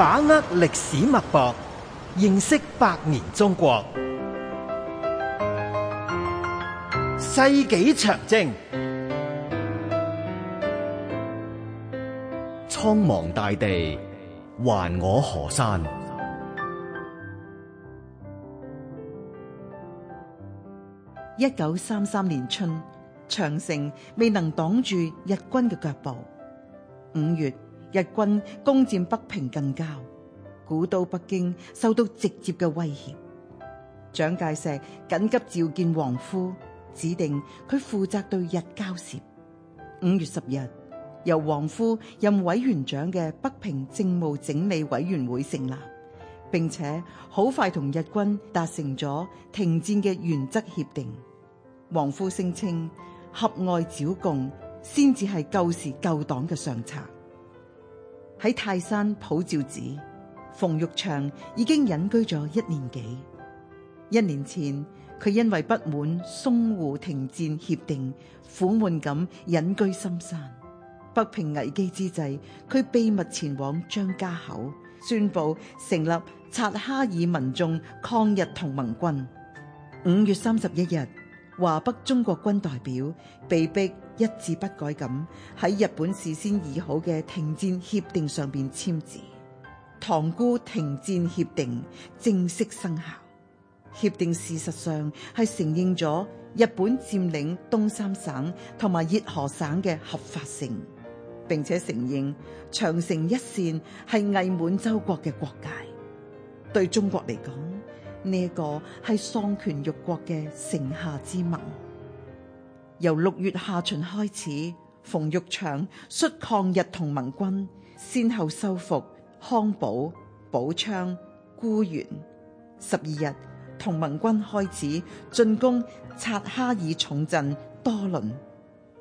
把握歷史脈搏，認識百年中國。世紀長征，蒼茫 大地，還我河山。一九三三年春，長城未能擋住日軍嘅腳步。五月。日軍攻佔北平近郊，古都北京受到直接嘅威脅。蔣介石緊急召見王夫，指定佢負責對日交涉。五月十日，由王夫任委員長嘅北平政務整理委員會成立，並且好快同日軍達成咗停戰嘅原則協定。王夫聲稱，合外剿共先至係救時救黨嘅上策。喺泰山普照寺，馮玉祥已經隱居咗一年幾。一年前，佢因為不滿淞滬停戰協定，苦悶咁隱居深山。北平危機之際，佢秘密前往張家口，宣佈成立察哈爾民眾抗日同盟軍。五月三十一日。華北中國軍代表被迫一字不改咁喺日本事先擬好嘅停戰協定上邊簽字，塘沽停戰協定正式生效。協定事實上係承認咗日本佔領東三省同埋熱河省嘅合法性，並且承認長城一線係偽滿洲國嘅國界，對中國嚟講。呢、這個係喪權辱國嘅城下之盟。由六月下旬開始，馮玉祥率抗日同盟軍先後收復康保、寶昌、沽源。十二日，同盟軍開始進攻察哈爾重鎮多倫，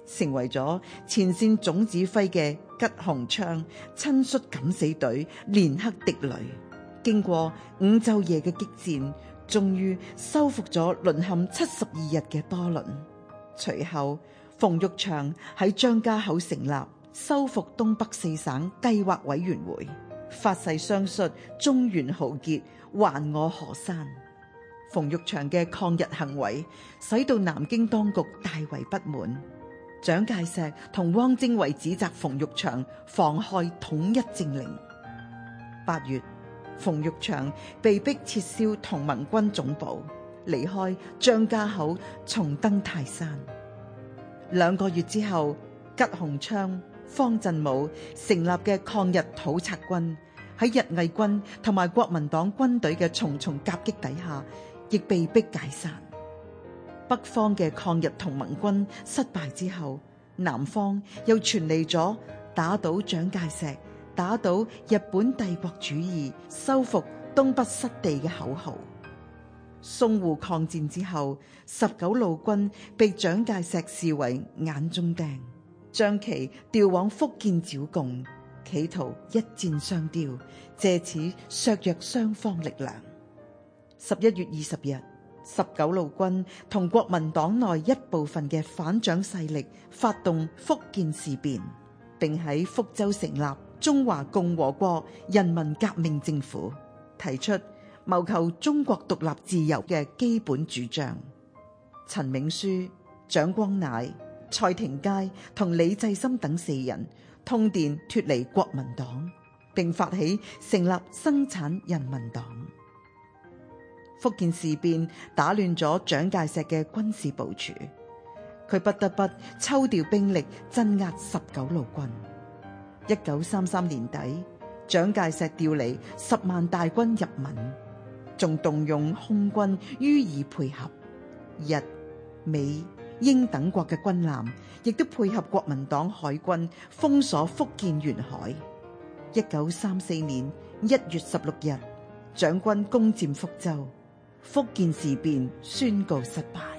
成為咗前線總指揮嘅吉鴻昌親率敢死隊連克敵壘。經過五晝夜嘅激戰，終於收復咗淪陷七十二日嘅多倫。隨後，馮玉祥喺張家口成立收復東北四省計劃委員會，發誓相信中原浩劫，還我河山。馮玉祥嘅抗日行為使到南京當局大為不滿，蔣介石同汪精衛指責馮玉祥妨害統一政令。八月。馮玉祥被迫撤銷同盟軍總部，離開張家口，重登泰山。兩個月之後，吉鴻昌、方振武成立嘅抗日討賊軍，喺日偽軍同埋國民黨軍隊嘅重重夾擊底下，亦被迫解散。北方嘅抗日同盟軍失敗之後，南方又傳嚟咗打倒蔣介石。打倒日本帝國主義、收復東北失地嘅口號。淞滬抗戰之後，十九路軍被蔣介石視為眼中釘，將其調往福建剿共，企圖一箭雙雕，借此削弱雙方力量。十一月二十日，十九路軍同國民黨內一部分嘅反蔣勢力發動福建事變，並喺福州成立。中華共和國人民革命政府提出謀求中國獨立自由嘅基本主張。陳銘樞、蔣光鼐、蔡廷鍇同李濟深等四人通電脫離國民黨，並發起成立生產人民黨。福建事變打亂咗蔣介石嘅軍事部署，佢不得不抽調兵力，鎮壓十九路軍。一九三三年底，蔣介石調嚟十萬大軍入閩，仲動用空軍予以配合。日、美、英等國嘅軍艦亦都配合國民黨海軍封鎖福建沿海。一九三四年一月十六日，蔣軍攻占福州，福建事變宣告失敗。